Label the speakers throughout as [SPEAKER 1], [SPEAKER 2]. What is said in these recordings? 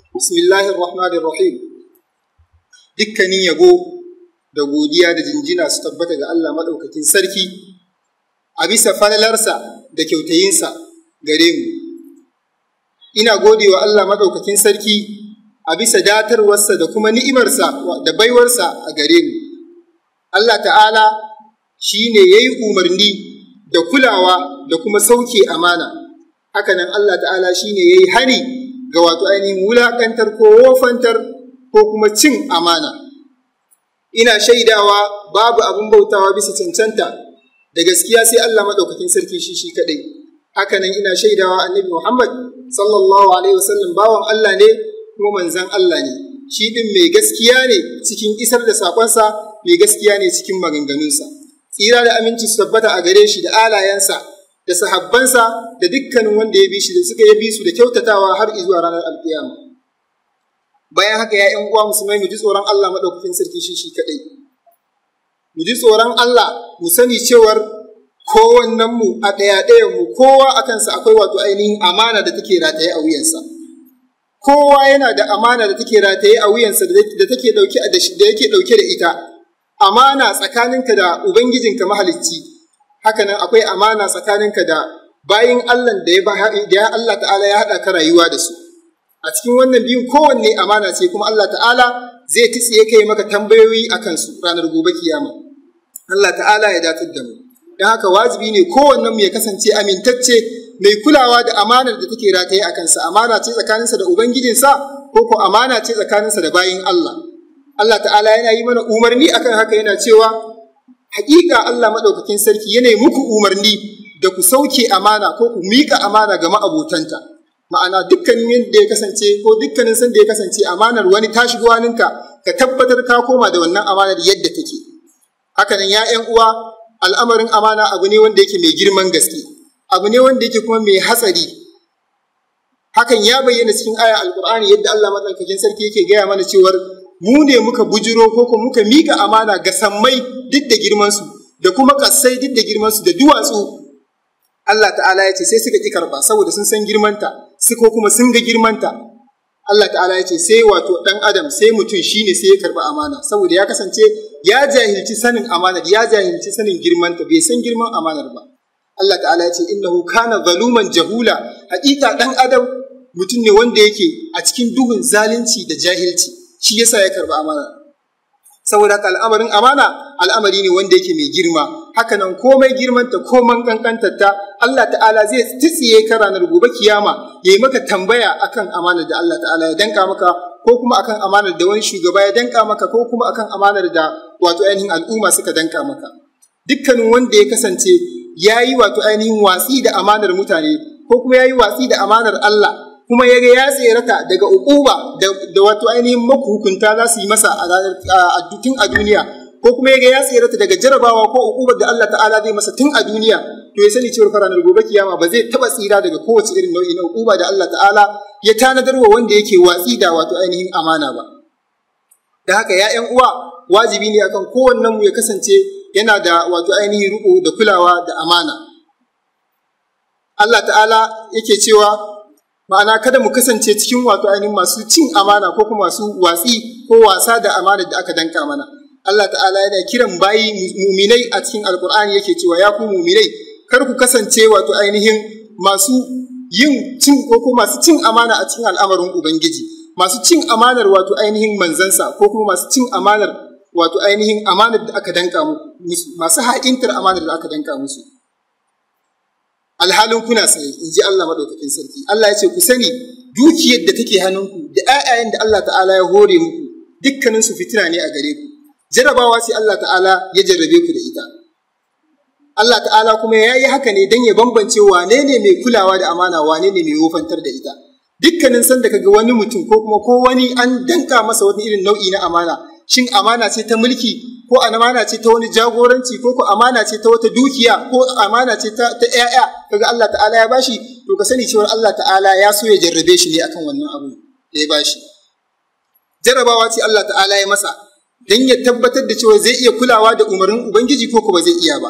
[SPEAKER 1] الله الرحمن الرحيم dukkanin yabo da godiya da jinjina su tabbata ga Allah maɗaukakin sarki a bisa falalarsa da kyautayinsa gare mu ina godewa Allah maɗaukakin sarki a bisa datarwarsa da kuma ni'imarsa da baiwarsa a gare mu Allah ta'ala shi ne ya yi umarni da kulawa da kuma sauke amana nan Allah ta'ala shi ne ya yi hari ga wato ainihin wulaƙantar ko wofantar ko kuma cin amana ina shaidawa babu abin bautawa bisa cancanta da gaskiya sai Allah maɗaukakin sarki shi shi kaɗai hakanan ina shaidawa annabi Muhammad sallallahu alaihi wasallam bawan Allah ne kuma manzan Allah ne shi ɗin mai gaskiya ne cikin isar da saƙonsa mai gaskiya ne cikin maganganunsa tsira da aminci su tabbata a gare shi da alayensa da sahabbansa da dukkanin wanda ya bi shi da suka yabi su da kyautatawa har zuwa ranar alkiyama bayan haka ya yan uwa musulmai mu ji tsoron Allah madaukakin sarki shi shi kadai mu ji tsoron Allah mu sani cewar kowannen mu a ɗaya ɗayan mu kowa a kansa akwai wato ainihin amana da take rataye a wuyansa kowa yana da amana da take rataye a wuyansa da take dauke da yake dauke da ita amana tsakaninka da ubangijinka mahalicci hakanan akwai amana tsakaninka da bayin Allah da ya Allah ta'ala ya haɗa ka rayuwa da su a cikin wannan biyun kowanne amana ce kuma Allah ta'ala zai titsiye kai maka tambayoyi a kansu ranar gobe kiyama Allah ta'ala ya datar da mu don haka wajibi ne kowannen mu ya kasance amintacce mai kulawa da amanar da take rataye a kansa amana ce tsakaninsa da ubangijinsa ko ko amana ce tsakaninsa da bayin Allah Allah ta'ala yana yi mana umarni akan haka yana cewa hakika Allah madaukakin sarki yana muku umarni da ku sauke amana ko ku mika amana ga ma'abotanta ma'ana dukkanin yadda ya kasance ko dukkanin sanda ya kasance amanar wani ta shigo hannunka ka tabbatar ka koma da wannan amanar yadda take hakanan ya ƴan uwa al'amarin amana abu ne wanda yake mai girman gaske abu ne wanda yake kuma mai hatsari hakan ya bayyana cikin aya alqur'ani yadda Allah madaukakin sarki yake gaya mana cewar mu ne muka bujiro ko kuma muka mika amana ga sammai duk da girmansu da kuma kasai duk da girmansu da duwatsu Allah ta'ala ya ce sai suka ƙi karɓa saboda sun san girmanta su ko kuma sun ga girmanta Allah ta'ala ya ce sai wato ɗan adam sai mutum shine sai ya karɓa amana saboda ya kasance ya jahilci sanin amanar ya jahilci sanin girmanta bai san girman amanar ba Allah ta'ala ya ce innahu kana zaluman jahula hakika ɗan adam mutum ne wanda yake a cikin duhun zalunci da jahilci shi yasa ya karba amana saboda haka al'amarin amana al'amari ne wanda yake mai girma hakanan komai girmanta koman kankantarta Allah ta'ala zai tsitsiye ka ranar gobe kiyama yayi maka tambaya akan amanar da Allah ta'ala ya danka maka ko kuma akan amanar da wani shugaba ya danka maka ko kuma akan amanar da wato ainihin al'umma suka danka maka dukkanin wanda ya kasance yayi yi wato ainihin watsi da amanar mutane ko kuma ya watsi da amanar Allah kuma ya ga ya tserata daga ukuba da wato ainihin makuhukunta za su yi masa a tun a duniya ko kuma ya ga ya tserata daga jarabawa ko ukubar da Allah ta'ala zai masa tun a duniya to ya sani cewa faranar gobe kiyama ba zai taba tsira daga kowace irin nau'i na ukuba da Allah ta'ala ya tanadar wa wanda yake watsi da wato ainihin amana ba da haka ya uwa wajibi ne akan kowannen mu ya kasance yana da wato ainihin riko da kulawa da amana Allah ta'ala yake cewa ma'ana kada mu kasance cikin wato ainihin masu cin amana ko kuma masu watsi ko wasa da amana da aka danka mana Allah ta'ala yana kiran bayi muminai a cikin alkur'ani yake cewa ya ku muminai kar ku kasance wato ainihin masu yin cin ko kuma masu cin amana a cikin al'amarin ubangiji masu cin amanar wato ainihin manzansa ko kuma masu cin amanar wato ainihin amanar da aka danka musu masu ha'intar amanar da aka danka musu alhalin kuna tsaye in ji Allah madaukakin sarki Allah ya ce ku sani dukiyar da take hannunku da ayayen da Allah ta'ala ya hore muku dukkanin su fitina ne a gare ku jarabawa sai Allah ta'ala ya jarrabe ku da ita Allah ta'ala kuma ya yi haka ne don ya bambance wane ne mai kulawa da amana wane ne mai wofantar da ita dukkanin sanda kaga wani mutum ko kuma ko wani an danka masa wani irin nau'i na amana shin amana sai ta mulki ko amana ce ta wani jagoranci ko ko amana ce ta wata dukiya ko amana ce ta ‘ya'ya kaga Allah ta'ala ya bashi to ka sani cewar Allah ta'ala ya so ya jarrabe shi ne akan wannan abu da ya bashi jarrabawa ce Allah ta'ala ya masa dan ya tabbatar da cewa zai iya kulawa da umarnin ubangiji ko ko ba zai iya ba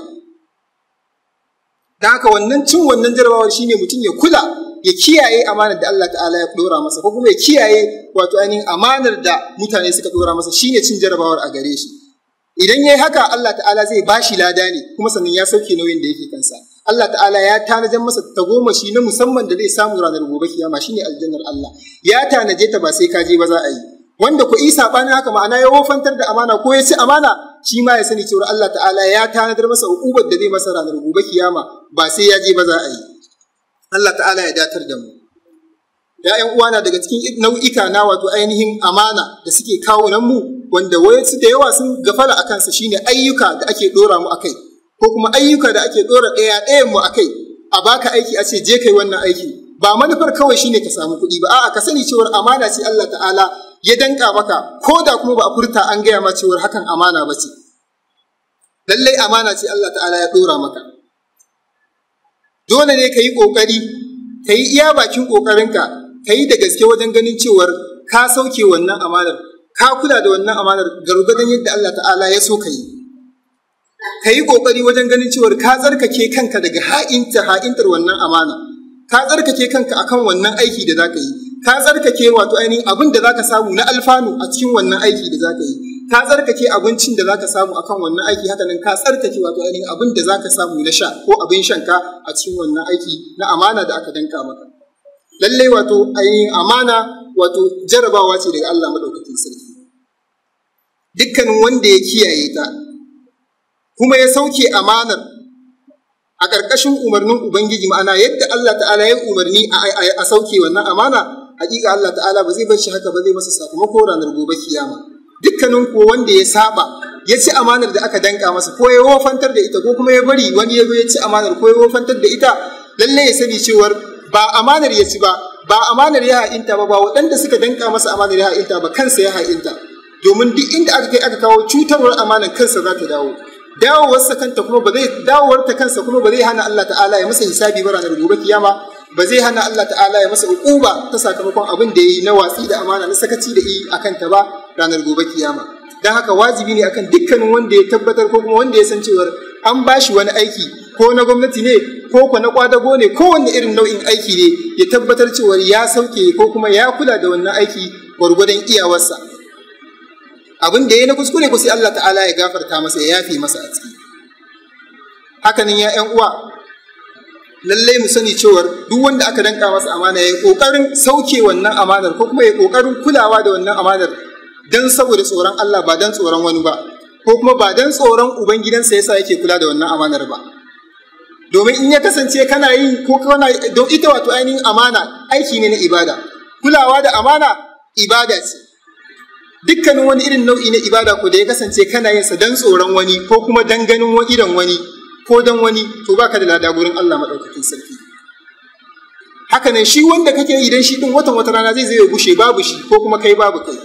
[SPEAKER 1] da haka wannan cin wannan jarrabawar shine mutum ya kula ya kiyaye amanar da Allah ta'ala ya dora masa ko kuma ya kiyaye wato ainihin amanar da mutane suka dora masa shine cin jarrabawar a gare shi idan ya yi haka Allah ta'ala zai ba shi lada ne kuma sannan ya sauke nauyin da yake kansa Allah ta'ala ya tanajar masa shi na musamman da zai samu ranar gobe kiyama shine aljannar Allah ya tanaje ta ba sai ka je ba za a yi wanda ku isa bani haka ma'ana ya wofantar da amana ko ya ci amana shi ma ya sani cewa Allah ta'ala ya tanadar masa uqubar da zai masa ranar gobe kiyama ba sai ya je ba za a yi Allah ta'ala ya datar da mu ‘ya'yan uwana daga cikin nau'ika na wato ainihin amana da suke kawo nan mu wanda wayansu da yawa sun gafara a kansa shine ayyuka da ake ɗora mu akai ko kuma ayyuka da ake ɗora ɗaya ɗayan mu a kai, a baka aiki a ce je kai wannan aiki ba manufar kawai shine ka samu kuɗi ba a'a ka sani cewar amana ce Allah ta'ala ya danka maka ko da kuma ba a furta an gaya ma cewar hakan amana ba ce lallai amana ce Allah ta'ala ya ɗora maka dole ne ka yi ƙoƙari ka yi iya bakin ƙoƙarinka ka yi da gaske wajen ganin cewar ka sauke wannan amanar ka kula da wannan amanar gargadon yadda Allah ta'ala ya so ka yi ka yi ƙoƙari wajen ganin cewar ka tsarkake kanka daga ha'inta ha'intar wannan amana ka tsarkake kanka akan wannan aiki da za ka yi ka tsarkake wato ainihin abin da za ka samu na alfanu a cikin wannan aiki da za ka yi ka tsarkake abincin da za ka samu akan wannan aiki haka nan ka tsarkake wato ainihin abin da za ka samu na sha ko abin shanka a cikin wannan aiki na amana da aka danka maka lallai wato ainihin amana wato jarabawa ce daga Allah maɗaukakin sarki dukkanin wanda ya kiyaye ta kuma ya sauke amanar a ƙarƙashin umarnin Ubangiji ma'ana yadda Allah ta'ala ya umarni a sauke wannan amana Haƙiƙa Allah ta'ala ba zai bar shi haka ba zai masa sakamako ranar gobe kiyama dukkanin ko wanda ya saba ya ci amanar da aka danka masa ko ya wofantar da ita ko kuma ya bari wani ya ya ci amanar ko ya wofantar da ita lallai ya sani cewar ba amanar ya ci ba ba amanar ya ha'inta ba ba waɗanda suka danka masa amanar ya ha'inta ba kansa ya ha'inta domin duk inda aka kai aka kawo cutarwar amanar kansa za ta dawo dawowarsa kanta kuma ba zai dawowarta kansa kuma ba zai hana Allah ta'ala ya masa hisabi ba ranar gobe kiyama ba zai hana Allah ta'ala ya masa hukuma ta sakamakon abin da yayi na watsi da amana na sakaci da yi akan ta ba ranar gobe kiyama dan haka wajibi ne akan dukkanin wanda ya tabbatar ko kuma wanda ya san cewa an bashi wani aiki ko na gwamnati ne ko ko na kwadago ne kowanne irin nau'in aiki ne ya tabbatar cewa ya sauke ko kuma ya kula da wannan aiki gwargwadon iyawarsa abin da ya na kuskure ko sai Allah ta'ala ya gafarta masa ya yafi masa a ciki hakanan ya 'yan uwa lallai mu sani cewar duk wanda aka danka masa amana ya yi sauke wannan amanar ko kuma ya ƙoƙarin kulawa da wannan amanar don saboda tsoron Allah ba don tsoron wani ba ko kuma ba dan tsoron ubangidansa yasa yake kula da wannan amanar ba domin in ya kasance kana yi ko kana don ita wato ainihin amana aiki ne na ibada kulawa da amana ibada ce dukkanin wani irin nau'i na ibada ko da ya kasance kana yin sa dan tsoron wani ko kuma dan ganin wani idan wani ko dan wani to baka da lada gurin Allah madaukakin sarki haka ne, shi wanda kake idan shi din watan wata rana zai zai gushe babu shi ko kuma kai babu kai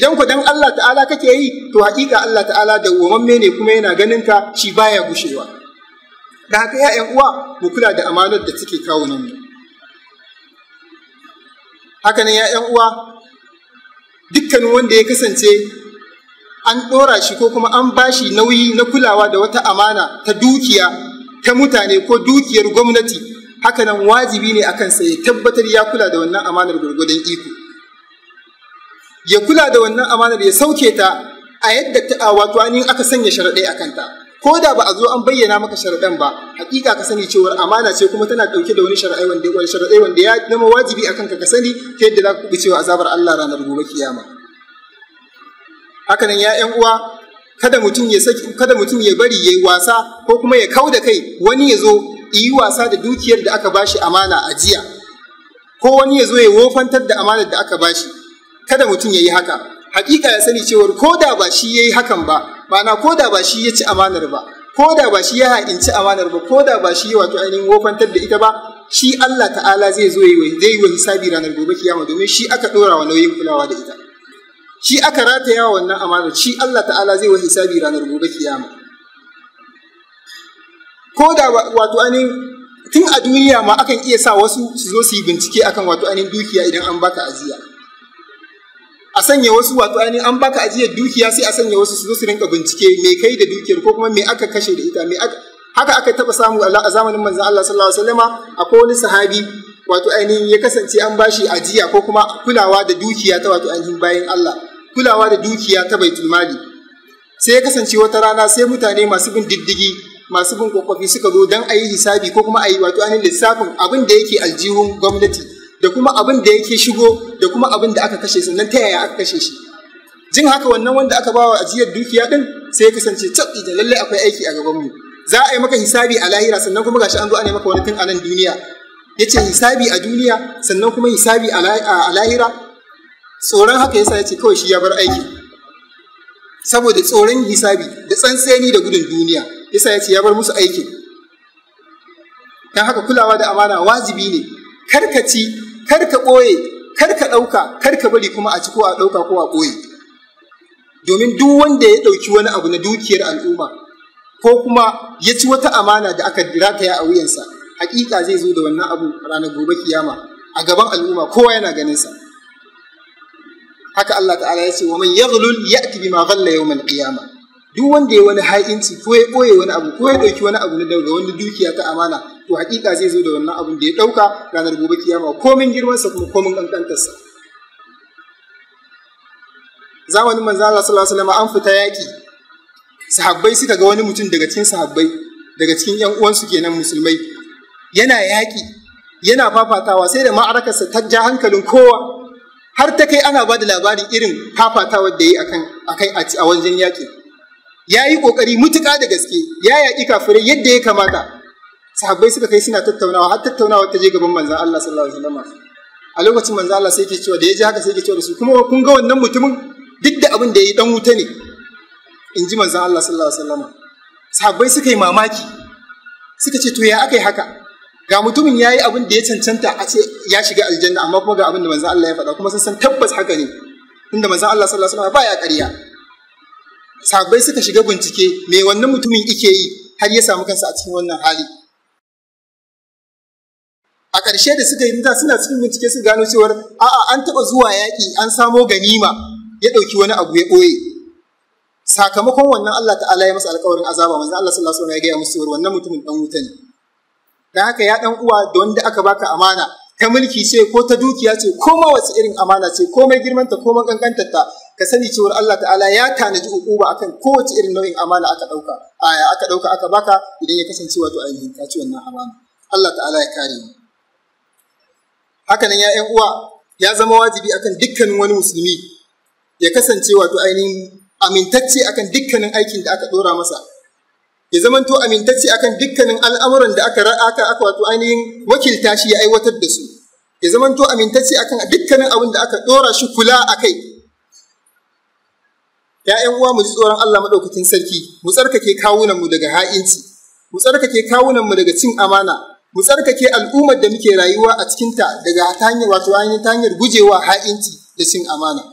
[SPEAKER 1] idan ku dan Allah ta'ala kake yi to haƙiƙa Allah ta'ala da ne kuma yana ganin ka shi baya gushewa da haka ‘ya'yan uwa mu kula da amanar da suke kawo nan haka nan ‘ya'yan uwa dukkanin wanda ya kasance an ɗora shi ko kuma an ba shi nauyi na kulawa da wata amana ta dukiya ta mutane ko dukiyar gwamnati hakanan wajibi ne a kansa ya tabbatar ya kula da wannan amanar gwargwadon iko ya kula da wannan amanar ya sauke ta a yadda ta wato ni aka sanya sharaɗai a kanta ko da ba a zo an bayyana maka sharaɗan ba hakika ka sani cewar amana ce kuma tana ɗauke da wani sharaɗai wanda wani sharaɗai wanda ya zama wajibi akan ka ka sani ta yadda za ku kuɓi cewa azabar Allah ranar gobe kiyama hakanan ya uwa kada mutum ya saki kada mutum ya bari yayi wasa ko kuma ya kauda kai wani ya zo yi wasa da dukiyar da aka bashi amana a jiya ko wani ya zo ya wofantar da amanar da aka bashi kada mutum ya yi haka hakika ya sani cewar ko da ba shi ya yi hakan ba ma'ana ko da ba shi ya ci amanar ba ko da ba shi ya haɗinci amanar ba ko da ba shi ya wato ainihin wofantar da ita ba shi Allah ta'ala zai zo yi zai yi hisabi ranar gobe kiyama domin shi aka ɗora wa nauyin kulawa da ita shi aka rataya wa wannan amanar shi Allah ta'ala zai wa hisabi ranar gobe kiyama ko da wato ainihin tun a duniya ma akan iya sa wasu su zo su yi bincike akan wato ainihin dukiya idan an baka aziya a sanya wasu wato ainihin an baka ajiyar dukiya sai a sanya wasu su su rinka bincike mai kai da dukiyar ko kuma me aka kashe da ita me aka haka aka taba samu a zamanin manzon Allah sallallahu alaihi wasallama akwai wani sahabi wato ainihin ya kasance an bashi ajiya ko kuma kulawa da dukiya ta wato ainihin bayan Allah kulawa da dukiya ta bai mali sai ya kasance wata rana sai mutane masu bin diddigi masu bin kokofi suka zo dan yi hisabi ko kuma ayi wato ainihin lissafin abin da yake aljihun gwamnati da kuma abin da yake shigo da kuma abin da aka kashe sannan ta yaya aka kashe shi jin haka wannan wanda aka bawa ajiyar dukiya din sai ya kasance tabi da lalle akwai aiki a gaban mu za a yi maka hisabi a lahira sannan kuma gashi an zo ana maka wani tun a nan duniya yace hisabi a duniya sannan kuma hisabi a lahira tsoron haka yasa yace kawai shi ya bar aiki saboda tsoron hisabi da tsantseni da gudun duniya yasa yace ya bar musu aiki dan haka kulawa da amana wajibi ne karkaci kar ka ɓoye kar ka ɗauka kar ka bari kuma a ci ko a ɗauka ko a ɓoye domin duk wanda ya ɗauki wani abu na dukiyar al'umma ko kuma ya ci wata amana da aka rataya a wuyansa hakika zai zo da wannan abu ranar gobe kiyama a gaban al'umma kowa yana ganin sa haka Allah ta'ala ya ce wa man yaghlul ya'ti bima ghalla yawmal qiyama duk wanda ya wani ha'inci ko ya ɓoye wani abu ko ya ɗauki wani abu na daga wani dukiya ta amana to hakika zai zo da wannan abin da ya ɗauka ranar gobe kiyama komin girmansa kuma komin ƙanƙantarsa zamanin manzo Allah sallallahu alaihi an fita yaƙi sahabbai suka ga wani mutum daga cikin sahabbai daga cikin ƴan uwansu kenan musulmai yana yaƙi yana fafatawa sai da ma'arakarsa ta ja hankalin kowa har ta kai ana ba da labarin irin fafatawar da ya akai a wajen yaƙi ya yi ƙoƙari mutuƙa da gaske ya yaƙi kafirai yadda ya kamata sahabbai suka kai suna tattaunawa har tattaunawa ta je gaban manzan Allah sallallahu alaihi wasallam a lokacin manzan Allah sai yake cewa da ya ji haka sai yake cewa da su kuma kun ga wannan mutumin duk da abin da ya yi dan wuta ne in ji manzan Allah sallallahu alaihi wasallam sahabbai suka yi mamaki suka ce to ya aka yi haka ga mutumin ya yi abin da ya cancanta a ce ya shiga aljanna amma kuma ga abin da manzan Allah ya faɗa kuma sun san tabbas haka ne inda manzan Allah sallallahu alaihi wasallam baya ƙarya sahabbai suka shiga bincike me wannan mutumin ike yi har ya samu kansa a cikin wannan hali a ƙarshe da suka yi nita suna cikin bincike su gano cewar a'a an taɓa zuwa yaƙi an samo ganima ya ɗauki wani abu ya ɓoye sakamakon wannan Allah ta'ala ya masa alƙawarin azaba manzo Allah sallallahu alaihi wasallam ya gaya musu cewar wannan mutumin dan wuta ne dan haka ya dan uwa da wanda aka baka amana ta mulki ce ko ta dukiya ce ko ma wace irin amana ce ko mai girman ta ko mai ta ka sani cewar Allah ta'ala ya tanaji ukuba akan kowace irin nau'in amana aka ɗauka aya aka ɗauka aka baka idan ya kasance wato ainihin ka ci wannan amana Allah ta'ala ya kare mu hakanan ya uwa ya zama wajibi akan dukkanin wani musulmi ya kasance wato ainihin amintacce akan dukkanin aikin da aka ɗora masa ya zamanto amintacce akan dukkanin al'amuran da aka aka aka wato ainihin wakilta shi ya aiwatar da su ya zamanto amintacce akan dukkanin abin da aka ɗora shi kula a kai ‘ya'yan uwa mu ji tsoron Allah maɗaukakin sarki mu tsarkake kawunanmu daga ha'inci mu tsarkake kawunanmu daga cin amana mu tsarkake al'ummar da muke rayuwa a cikinta daga ta hanyar wato ainihin ta hanyar gujewa ha'inci da cin amana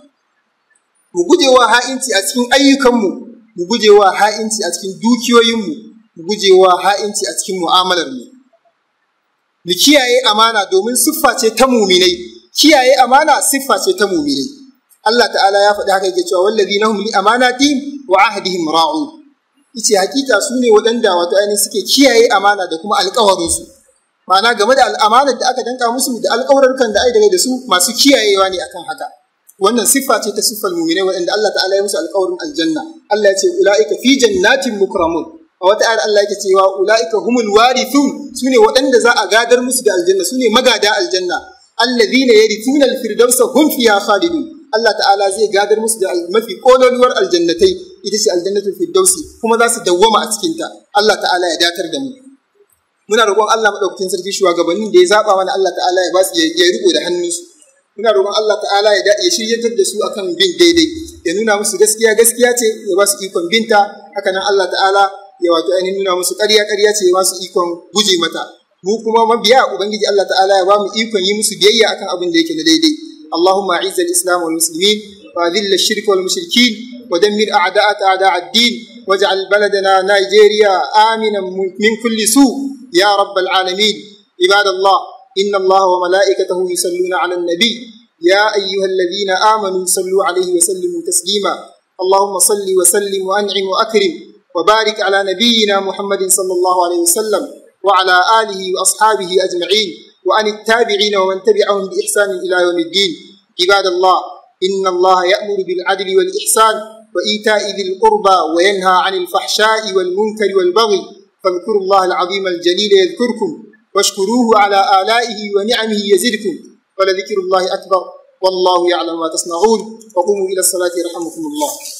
[SPEAKER 1] mu gujewa ha'inci a cikin ayyukanmu mu gujewa ha'inci a cikin dukiyoyinmu mu gujewa ha'inci a cikin mu'amalarmu mu kiyaye amana domin siffa ce ta muminai kiyaye amana siffa ce ta muminai Allah ta'ala ya faɗi haka yake cewa na hum li amanati wa ahdihim ra'u yace hakika su ne waɗanda wato ainihin suke kiyaye amana da kuma alƙawarinsu ma'ana game da al'amanar da aka danka musu da alƙawarurkan da ai daga da su masu kiyayewa ne akan haka wannan siffa ce ta siffar mu'minai waɗanda Allah ta'ala ya musu alƙawarin aljanna Allah ya ce ula'ika fi jannatin mukramun a wata ayar Allah yake cewa ula'ika humul warithun sune waɗanda za a gadar musu da aljanna sune magada aljanna alladhina yarithuna alfirdausa hum fiha khalidun Allah ta'ala zai gadar musu da mafi kololuwar aljannatai ita ce aljannatul firdausi kuma za su dawwama a cikinta Allah ta'ala ya datar da mu muna roƙon Allah madaukakin sarki shugabannin da ya zaɓa mana Allah ta'ala ya ba su ya riko da su muna roƙon Allah ta'ala ya ya shiryantar da su akan bin daidai ya nuna musu gaskiya gaskiya ce ya ba su ikon binta haka nan Allah ta'ala ya wato ainihin nuna musu ƙarya ƙarya ce ya ba su ikon guje mata mu kuma mabiya ubangiji Allah ta'ala ya ba mu ikon yi musu biyayya akan abin da yake na daidai اللهم أعز الإسلام والمسلمين وأذل الشرك والمشركين ودمر أعداءك أعداء الدين واجعل بلدنا نيجيريا آمنا من كل سوء يا رب العالمين عباد الله إن الله وملائكته يصلون على النبي يا أيها الذين آمنوا صلوا عليه وسلموا تسليما اللهم صل وسلم وأنعم وأكرم وبارك على نبينا محمد صلى الله عليه وسلم وعلى آله وأصحابه أجمعين وأن التابعين ومن تبعهم بإحسان إلى يوم الدين عباد الله إن الله يأمر بالعدل والإحسان وإيتاء ذي القربى وينهى عن الفحشاء والمنكر والبغي فاذكروا الله العظيم الجليل يذكركم واشكروه على آلائه ونعمه يزدكم ولذكر الله أكبر والله يعلم ما تصنعون وقوموا إلى الصلاة يرحمكم الله